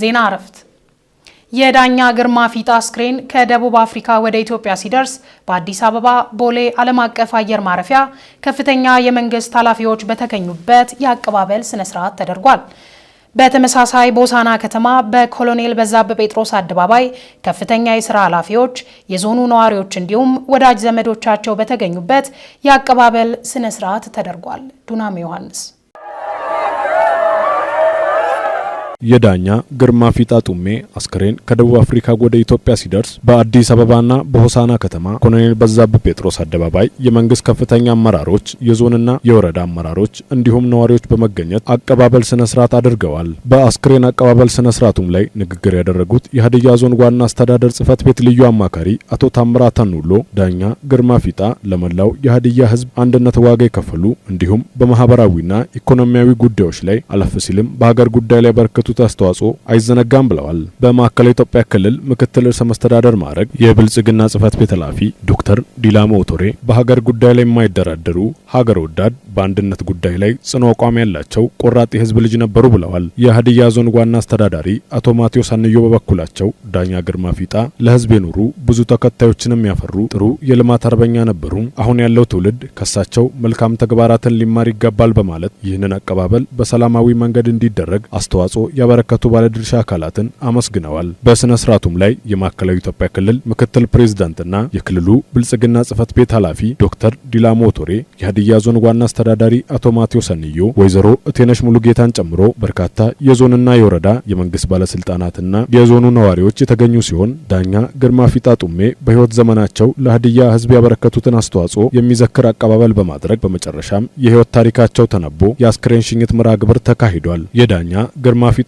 ዜና እረፍት የዳኛ ግርማ ፊጣ አስክሬን ከደቡብ አፍሪካ ወደ ኢትዮጵያ ሲደርስ በአዲስ አበባ ቦሌ ዓለም አቀፍ አየር ማረፊያ ከፍተኛ የመንግስት ኃላፊዎች በተገኙበት የአቀባበል ስነ ስርዓት ተደርጓል። በተመሳሳይ ቦሳና ከተማ በኮሎኔል በዛብህ ጴጥሮስ አደባባይ ከፍተኛ የስራ ኃላፊዎች፣ የዞኑ ነዋሪዎች እንዲሁም ወዳጅ ዘመዶቻቸው በተገኙበት የአቀባበል ስነ ስርዓት ተደርጓል። ዱናሜ ዮሐንስ የዳኛ ግርማ ፊጣ ጡሜ አስክሬን ከደቡብ አፍሪካ ወደ ኢትዮጵያ ሲደርስ በአዲስ አበባና በሆሳና ከተማ ኮሎኔል በዛብህ ጴጥሮስ አደባባይ የመንግስት ከፍተኛ አመራሮች፣ የዞንና የወረዳ አመራሮች እንዲሁም ነዋሪዎች በመገኘት አቀባበል ስነ ስርዓት አድርገዋል። በአስክሬን አቀባበል ስነ ስርዓቱም ላይ ንግግር ያደረጉት የሀዲያ ዞን ዋና አስተዳደር ጽህፈት ቤት ልዩ አማካሪ አቶ ታምራ ተኑሎ ዳኛ ግርማ ፊጣ ለመላው የሀዲያ ህዝብ አንድነት ዋጋ የከፈሉ እንዲሁም በማህበራዊና ኢኮኖሚያዊ ጉዳዮች ላይ አለፍ ሲልም በሀገር ጉዳይ ላይ በርክቱ ያበረከቱት አስተዋጽኦ አይዘነጋም ብለዋል። በማዕከላዊ ኢትዮጵያ ክልል ምክትል ርዕሰ መስተዳደር ማዕረግ የብልጽግና ጽህፈት ቤት ኃላፊ ዶክተር ዲላሞ ኦቶሬ በሀገር ጉዳይ ላይ የማይደራደሩ ሀገር ወዳድ፣ በአንድነት ጉዳይ ላይ ጽኑ አቋም ያላቸው ቆራጥ የህዝብ ልጅ ነበሩ ብለዋል። የሀዲያ ዞን ዋና አስተዳዳሪ አቶ ማቴዎስ አንዮ በበኩላቸው ዳኛ ግርማ ፊጣ ለህዝብ የኖሩ ብዙ ተከታዮችንም ያፈሩ ጥሩ የልማት አርበኛ ነበሩ። አሁን ያለው ትውልድ ከሳቸው መልካም ተግባራትን ሊማር ይገባል በማለት ይህንን አቀባበል በሰላማዊ መንገድ እንዲደረግ አስተዋጽኦ ያበረከቱ ባለድርሻ አካላትን አመስግነዋል። በሥነ ስርዓቱም ላይ የማዕከላዊ ኢትዮጵያ ክልል ምክትል ፕሬዝዳንትና የክልሉ ብልጽግና ጽህፈት ቤት ኃላፊ ዶክተር ዲላሞ ቶሬ፣ የሀዲያ ዞን ዋና አስተዳዳሪ አቶ ማቴዎ ሰንዮ፣ ወይዘሮ እቴነሽ ሙሉጌታን ጨምሮ በርካታ የዞንና የወረዳ የመንግስት ባለስልጣናትና የዞኑ ነዋሪዎች የተገኙ ሲሆን ዳኛ ግርማ ፊጣ ጡሜ በህይወት ዘመናቸው ለሀዲያ ህዝብ ያበረከቱትን አስተዋጽኦ የሚዘክር አቀባበል በማድረግ በመጨረሻም የህይወት ታሪካቸው ተነቦ የአስክሬን ሽኝት ምራ ግብር ተካሂዷል። የዳኛ ግርማ ፊጣ